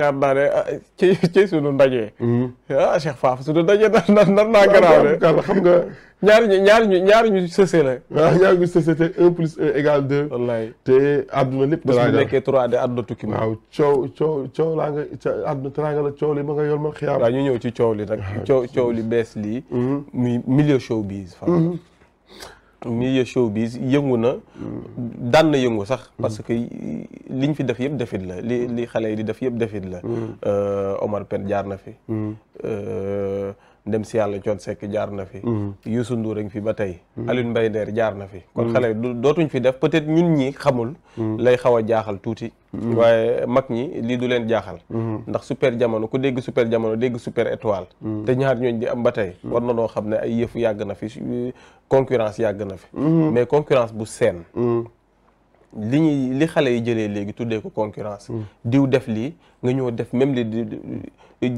yaakaar naa ne ci ci suñu ndaje. Mm-hmm. ah Cheikh Faaf suñu ndaje nar nar naa garaaw de. xam nga ñaari ñu ñaari ñu ñaari ñu un plus un égale deux. te àdduna lépp. da a nekkee trois de àdduna tukki ma. waaw coow coow coow laa nga ca la coow li ma nga yor ma xiyaam. waaw ñu ñëw ci coow li nag. coow coow li bees li mm-hmm. muy milieu showbiz. milieu showbiz yëngu na daan na yëngu sax mm. parce que liñ fi def yëpp defit la li mm. li xale yi di def yëpp defit la mm. euh, Omar Pène jaar na fi euh, dem si yàlla sekk jaar na fi mhm. Youssou Ndour a ngi fi ba tey mhm. Alioune Mbaye Nder jaar na fi kon mhm. xale dootuñ fi def peut-être ñun ñi xamul lay xaw a jaaxal tuuti waaye mag ñi lii du leen jaaxal ndax super jamono ku dégg super jamono dégg super étoile te ñaar ñooñ di am ba tey war na noo xam ne ay yëfu yàgg na fi euh, concurrence yàgg na fi mais concurrence bu seen li ñuy li xale yi jëlee léegi tuddee ko concurrence mm. diw def lii nga ñëw def même li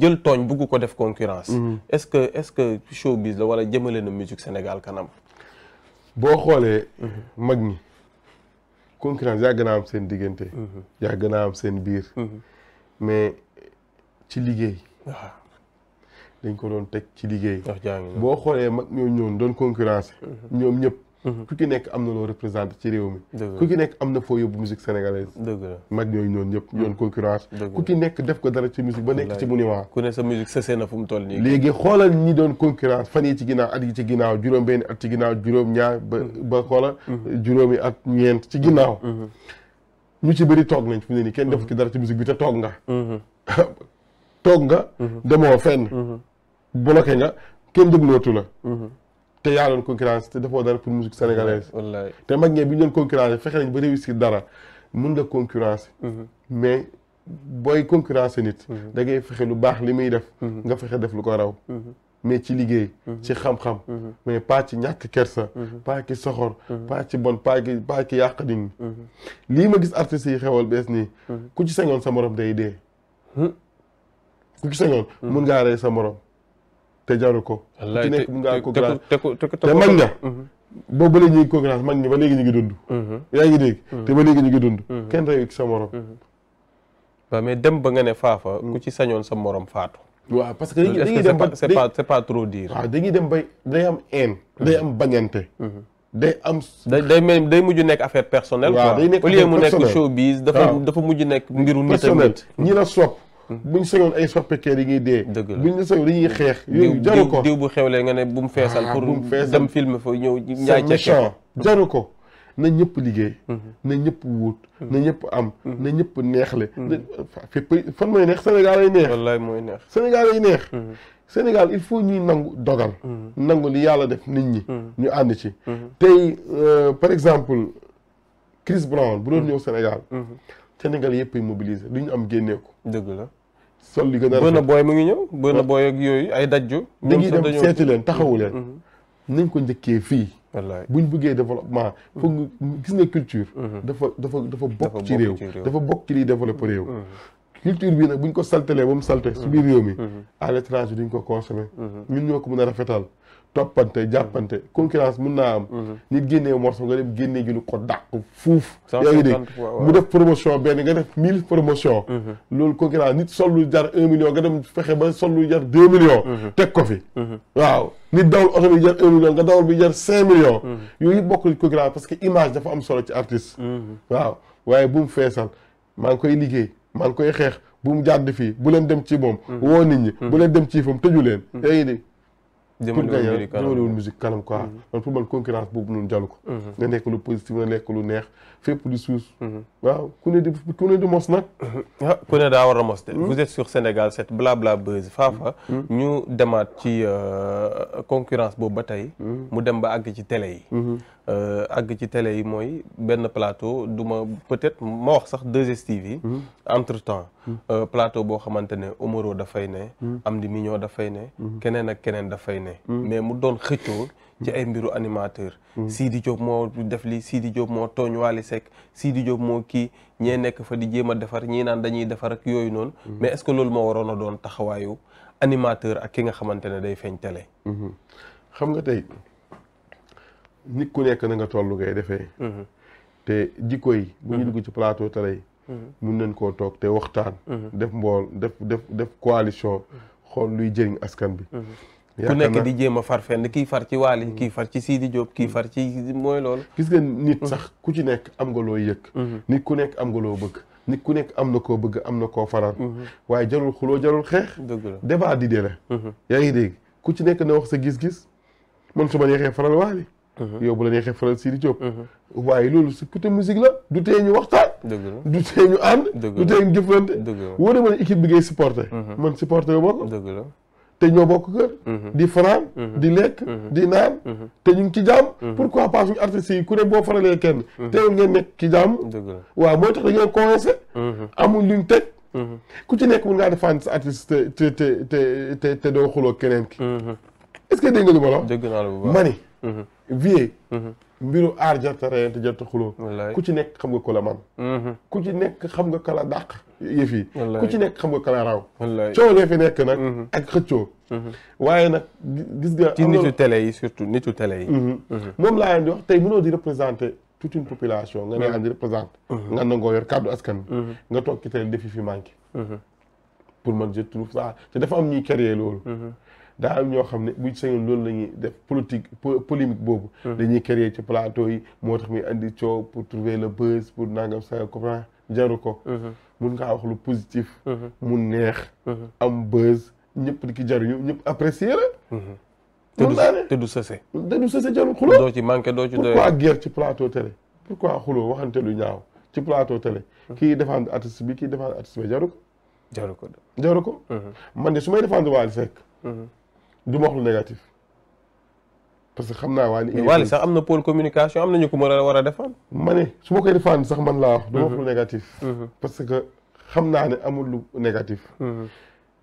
jël tooñ bugg ko def concurrence mm. est-ce que est-ce que showbiz la wala jëmale na musique Sénégal kanam boo xoolee mm-hmm. mag ñi concurrence yàgg naa am seen diggante mm-hmm. yàgg naa am seen biir mm-hmm. mais ci liggéey ah. dañ ko doon teg ci liggéey boo xoolee mag ñoo ñoon doon concurrence ñoom ñëpp Mhm. ku ki nekk am na loo représenté ci réew mi ku ki nekk am na foo yóbbu musique sénégalaise mag ñooyu noonu ñëpp mhm. ñoon concurrence ku ki nekk def ko dara ci musique ba nekk ci bu niwaa ku ne sa musique sësee na fu toll nii léegi xoolal ñi doon concurrence fan yi ci ginnaaw at yi ci ginnaaw juróom benn at ci ginnaaw juróom ñaar ba mhm. ba xoolal juróomi at ñeent ci ginnaaw ñu ci bëri toog nañ fu ne nii kenn def ci dara ci musique bi te toog nga toog nga demoo fenn bloqué nga kenn déglootu la te yaa doon concurrence te defoo dara pour musique sénégalaise. wallaay te mag ñee bi ñu doon concurrence fexe nañ ba réussir dara mun nga concurrence. Mhm. mais booy concurrence nit. Mhm. da ngay lu baax li muy def. Mhm. nga fexe def lu ko raw. mais ci liggéey. ci xam-xam. mais pas ci ñàkk kersa. pas ki soxor. pas ci bon pas ci ci yàq nit lii ma gis artistes yi xewal bees nii. ku ci sañoon sa moroom day dee. ku ci sañoon mun ngaa rey sa moroom te jaru ko. wallaahi te te te te te mag ña. boobu ba léegi ñu ngi concurrence mag ñi ba léegi ñu ngi dund. Mhm. yaa ngi dégg. Mhm. te ba léegi ñu ngi dund. Mhm. kenn rey sa mais dem ba nga ne faafa. Mm. ku ci sañoon sa morom faatu. waaw parce que dañuy dem ba c'est pas c'est pas trop dire. waaw dañuy dem bay day am haine. day am bañante. day am. day day day mujj nekk affaire personnel waaw day nekk affaire personnelle au mu nekk showbiz. dafa dafa mujj nekk mbiru nit ak ñi la sopp. bu buñ sañoon ay soppekeer yi ngi dee buñ la sañoon dañuy xeex yooyu jaru ko diw bu xewlee nga ne bu mu feesal ah, pour dem film fa ñëw ñaay méchant jaru ko na ñëpp liggéey mhm. na ñëpp wut mhm. na ñëpp am mhm. na ñëpp neexle fépp fan mooy neex Sénégal neex wallaay mooy neex Sénégal ay neex Sénégal il faut ñuy nangu dogal nangu li yàlla def nit ñi ñu ànd ci tey euh, par exemple Chris Brown bu doon ñëw Sénégal Sénégal yëpp ay mobiliser du ñu am génnee ko. dëgg la sol li gën a. na booy mu ngi ñëw bëna booy ak yooyu ay dajju. dañuy dem seeti leen taxawu leen. Mhm. nañ ko njëkkee fii. wallaay buñ bëggee développement. foog gis nga culture. Mhm. dafa dafa dafa bokk ci réew dafa bokk ci liy développé réew. Mhm. culture bi nag buñ ko saltalee ba mu salte. su biir réew mi. à ko consommer. ñun ñoo ko mën a rafetal. toppante jàppante mhm. concurrence mun naa am mhm. nit génnee morceau nga dem génnee ju ñu ko dàq fuuf yaa ngi dégg mu def promotion benn nga def mille promotion mhm. loolu concurrence nit sol lu jar un million nga dem fexe ba sol lu jar deux million teg ko fi waaw nit daw oto bi jar un million nga dawal bi jar cinq millions yooyu yëpp bokkul concurrence parce que image dafa am solo ci artiste waaw waaye bu mu feesal maa ngi koy liggéey maa ngi koy xeex bu mu jàdd fii bu leen dem ci moom woo nit ñi bu leen dem ci fam tëju leen yaa jëmale wul musique kanam quoi man mm-hmm. pour man boobu noonu jalu ko mm-hmm. nekk lu positif nga nekk lu neex fépp di suus. Mhm. waaw ku ne di mos nag. Mhm. ah ku ne daa war a mos de. Hmm? vous êtes sur Sénégal 7 blabla buzz faafa. Hmm? Hmm? ñu demaat ci euh, concurrence boobu ba tey. mu dem ba àgg ci télé yi. Euh, àgg ci télé yi mooy benn plateau du ma peut-être ma wax sax 2STV yi. entre temps euh, plateau boo xamante ne Omaro dafay ne. am Amdy Mignon dafay ne. keneen ak keneen dafay ne. mais mu doon xëccoo. ci ay mbiru animateur hmm. Sidi Diop moo def li Sidi Diop moo tooñ Wally sii Sidi Diop moo kii ñee nekk fa di jéem a defar ñii naan dañuy defar ak yooyu noonu hmm. mais est que loolu moo waroon a doon taxawaayu animateur ak ki nga xamante ne day feeñ télé hmm. xam nga tey nit ku nekk na nga tollu ngay defee te jikko yi bu ñu dugg ci plateau télé yi mun nañ koo toog te waxtaan def mbool def def def coalition xool luy jëriñ askan bi ku nekk di jéem a far fenn kii far ci Waly kii far ci Sidi Diop kii far ci mooy loolu gis nga nit sax ku ci nekk am nga loo yëg mhm. nit ku nekk am nga loo bëgg nit ku nekk am na koo bëgg am na koo faral mhm. waaye jarul xuloo jarul xeex dëgg la débat di la mhm. yaa ngi dégg ku ci nekk na wax sa gis-gis man su ma neexee faral Waly yow bu la neexee faral Sidi Diop waaye loolu si su côté musique la du tee ñu waxtaan dëgg du tee ñu ànd du tee ñu jëflante wóor na ma ne équipe bi ngay supporté man supporté wu ma ko dëgg la te ñoo bokk kër. Mhm. di fanaan. Mhm. di lekk mhm. di naan. te ñu ngi ci jàmm. pourquoi pas suñu artistes yi ku ne boo faralee kenn. teewul ngeen nekk ci jàmm. waaw mooy tax dañoo coincé. amuñ luñ teg. ku ci nekk mun ngaa defaan sa artiste te te te te doo xuloo keneen ki. est-ce que dégg nga lu ma la wax. dégg Mm-hmm. vie mm-hmm. mbiru aar jarta reyante jarta xuloo ku ci nekk xam nga ko la mm-hmm. ku ci nekk xam nga kala dàq yëf yi ku ci nekk xam nga kala raw coow ñoo nekk nag ak xëccoo waaye nag gis nga ci nitu télé yi surtout nitu télé yi moom laa leen di wax tey mënoo di représenter toute une population nga ne andi représenter nga nangoo yor kàddu askan nga toog ci télé defi fi manqué pour man je trouve ça te dafa am ñuy créer loolu daa am ñoo xam ne buñ sañoon loolu la ñuy def politique polémique boobu hmm. dañuy créer ci plateau yi moo tax mi andi coow pour trouver le buzz pour nangam sa comprend jaru ko hmm. mun ka wax lu positif hmm. mu neex am buzz ñëpp di ki jaruñu ñëpp apprécier la te du sëse te du sëse jarul xuloo doo ci manqué doo ci doy ci plateau télé pourquoi xuloo lu ñaaw ci plateau télé kii défendre artiste bi kii défendre artiste bi jaru ko jaru ko jaru ko man de su may défendre Wally Seck du ma wax lu négatif parce que xam naa waa ni. waaye sax am na pôle communication am na ñu ko mën a war a défendre. ma ne su ma koy défendre sax man laa wax. du ma wax mhm. lu négatif. Mhm. parce que xam naa ne amul lu négatif. Mhm.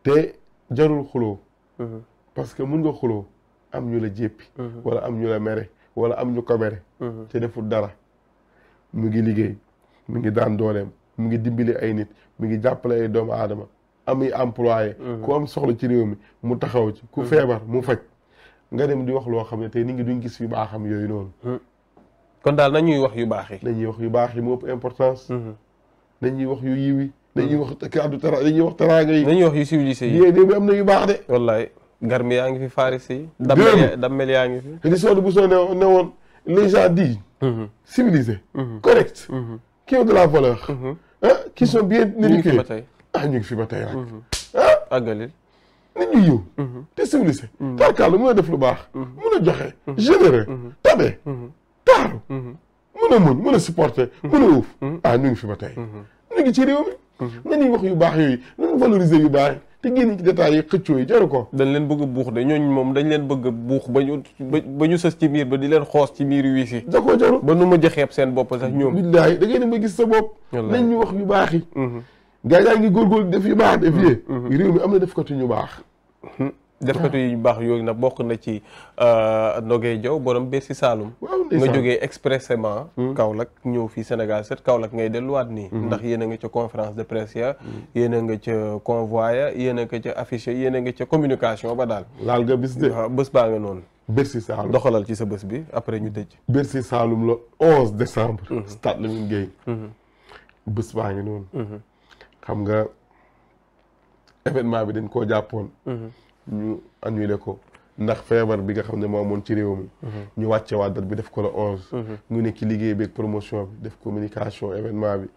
te jarul xuloo. parce que mun nga xuloo am ñu la jéppi. wala am ñu la mere wala am ñu ko mere. te deful dara mu ngi liggéey mu ngi daan dooleem mu ngi dimbali ay nit mi ngi jàppale ay doomu aadama. ami employé mhm. ku am soxla ci réew mi mu taxaw ci ku mhm. feebar mu faj nga dem di wax loo xam ne tey nit ñi duñ gis yu am yooyu noonu mhm. kon daal nañuy wax yu baax yi nañuy wax yu baax yi moo ëpp importance nañuy wax yu yiwi dañuy wax kàddu tara dañuy wax taraanga yi dañuy wax yu civilisé yi yéen bi am na yu baax de wallaay garmi yaa ngi fi farisi yi dammel yaa ngi fi di sood bu soo ne ne woon les gens dits civilisés correct qui ont la valeur ah qui sont bien éduqués tax ñu ngi fi ba tey rek. Mhm. ah àggalil. nit ñu yiw. Mhm. te civilisé. Mhm. tarkaal mën a def lu baax. mën a joxe. généreux. tabe. taaru. mën a mën mën a supporter. mën a uuf. ah ñu ngi fi ba tey. ñu ngi ci réew mi. nañuy wax yu baax yooyu nañu valoriser yu baax te génn ci détails yi xëccoo yi jaru ko. dañ leen bëgg a buux de ñooñ moom dañ leen bëgg a buux ba ñu ba ñu sës ci miir ba di leen xoos ci miir wii si. da jaru ba nu ma joxeeb seen bopp sax ñoom. billaay da ngeen a ma gis sa bopp. nañ ñu wax yu baax yi. gars yaa ngi góorgóorlu def yu baax def yee. Mm-hmm. Mm-hmm. réew mi am na defkatu ñu baax. Mm-hmm. defkatu yu baax yooyu nag bokk na ci euh, Ndogé Diaw borom Bercy Saloum. nga jógee expressément. Kaolack ñëw fii Sénégal set Kaolack ngay delluwaat nii. ndax yéen a nga ca conférence de presse ya. yéen a nga ca convoi ya yéen a nga ca affiche ya yéen a nga ca communication ba daal. laal nga bis de bés baa nga noonu. Bercy Saloum doxalal ci sa bés bi après ñu tëj. Bercy Saloum le 11 décembre. stade Lamine Gueye. bés xam nga événement bi dañ koo jàppoon. ñu annulé ko. ndax feebar bi nga xam ne moo amoon ci réew mi. ñu wàcce waa bi def ko la onze. ñu nekk ci liggéey beeg promotion bi def communication événement bi.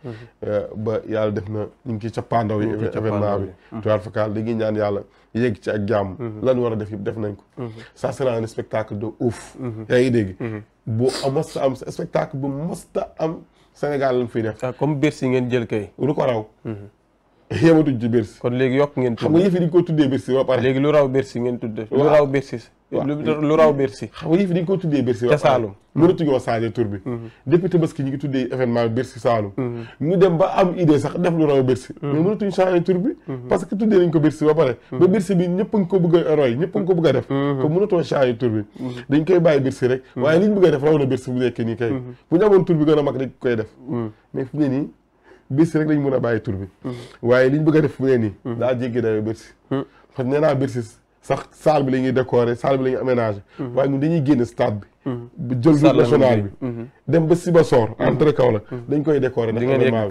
ba yàlla def na ñu ngi ci cappaandaw yi. événement bi tuwaar fakal dañuy ñaan yàlla yegg ci ak jàmm. Mm-hmm. lan war a def yëpp def nañ ko. Mm-hmm. ça sera un spectacle de ouf. Mm-hmm. yaa ngi dégg. bu mos a am spectacle bu mos am. Sénégal lañ fiy def. Ah, comme Bercy ngeen jël kay. lu ko raw. Mhm. yematuñ ci Bercy kon léegi yokk ngeen xam nga yëf yi dañ ko tuddee ngeen tudde lu raw Bercy lu raw nga ko tuddee mhm. mhm. def lu mhm. a ngi ko def raw na Bercy bu nekk nii kay bu ñu amoon tur bi gën a mag dañ def mais fu ne bis rek lañ mën a bàyyi tur bi mm-hmm. waaye li bëgg a def mu ne nii mm-hmm. daa jéggi dayo Bercy mm-hmm. parce que nee naa Bercy sax salle bi la ñuy décorer salle bi la ñuy aménager waaye ñun dañuy génn stade bi jël route nationale bi dem ba Sibassor entre Kaolack dañ koy décorer ndax événement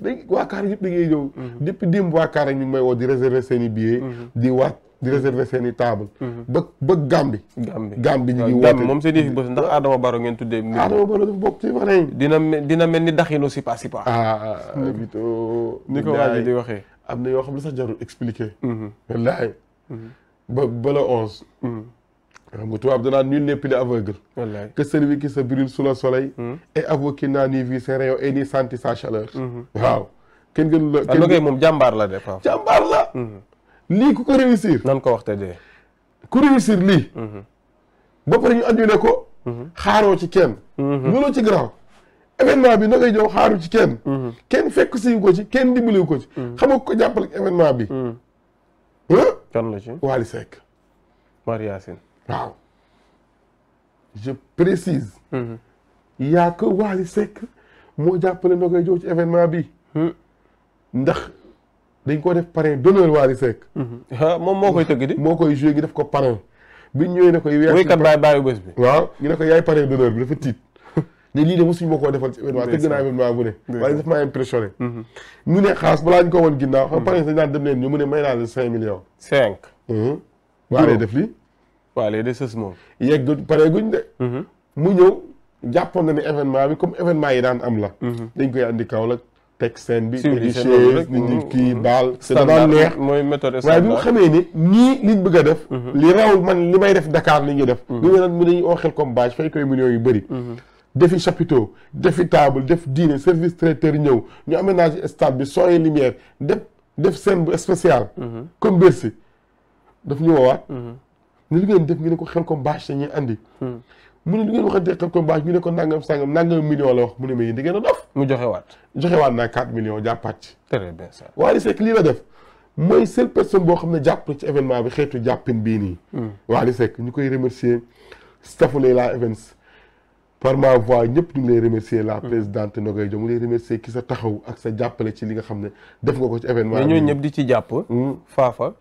bi dañ waa Kaarang da ngay ñëw depuis démb waa Kaarang ñu may woo di réserver seen i di waat di réserver seen i mhm. ba ba Gambie. Gambie Gambie ñu ngi woote Gambie moom seen yëfi bës ndax Adama Baro ngeen tuddee. Adama Baro dafa bokk ci pare dina dina mel ni daxinu sipa sipa. ah Vito. ni ko waxee. am na yoo xam ne sa jaru expliqué. Mhm. wallaahi. Mhm. ba ba la onze. xam nga tubaab danaa nul n'est plus aveugle. wallaahi que celui qui se brûle sous le soleil. et aveugle qui n'a ni vu ses rayons ni senti sa chaleur. waaw kenn gën la. Ah, moom jàmbaar la des fois. jàmbaar la. lii ku ko réussir. nan ko wax te dee. ku réussir lii. Mhm. ba ñu annulé ko. Mhm. xaaroo ci kenn. Mhm. loolu ci garaaw. événement bi na ngay ñëw xaaru kenn. kenn fekk siwu ko ci kenn dimbaliwu ko ci. xam nga ko jàppale ak événement bi. kan la ci Wally Seck. je précise. y a que moo jàppale na ngay jow ci événement bi. Hmm. ndax. dañ koo def parrain d'honneur Wally Seck. Mm-hmm. Ah, moom moo koy tëgg di. moo koy joué ñu def ko parrain bu ñu ñëwee ne ko. yaay kat bàyyi bi. waaw ñu ne ko yaay parrain d'honneur bi dafa tiit. ne lii de mosuñ ma koo defal ci événement tëgg ne. waaye daf maa mm-hmm. ko woon ginnaaw. xam mm-hmm. parrain sax daan dem ñu mu ne may naa leen cinq millions. cinq. def lii. waaw de sës moom. yegg pare mu ñëw jàppoon na ne événement bi comme événement yi naan am la. dañ koy andi Kaolack teg seen bi tegi chaise nit ñi mm-hmm. kii baal c' neex mooy méthode waaye bi ni ñii liñ bëgg a def mm-hmm. li rawul man li may def Dakar li ñuy def li mm-hmm. ñu naan mu nañu oo xel comme bâche fay koy millions yu bëri defi chapiteau defi table def dîner service traiteur ñëw ñu aménagé stade bi son et lumière def def scène bu spécial comme ñu woowaat ni li ngeen def ngi ne ko xel comme bâche dañuy andi mu ne lu ngeen waxante ko baax ñu ne ko nangam sangam nangam million la wax mu ne ma yéen da a dof mu joxe waat joxe waat naa 4 millions jàppaat ci très bien ça lii la def mooy seule personne boo xam ne jàpp ci événement bi xeetu jàppin bii nii hmm. Wally Seck ñu koy remercier staffu Leila Events par ma voix ñëpp ñu lay remercier la hmm. présidente Nogay Diop mu lay remercier ki sa taxaw ak sa jàppale ci li nga xam ne def nga ko ci événement bi ñooñu ñëpp di ci jàpp hmm. faafa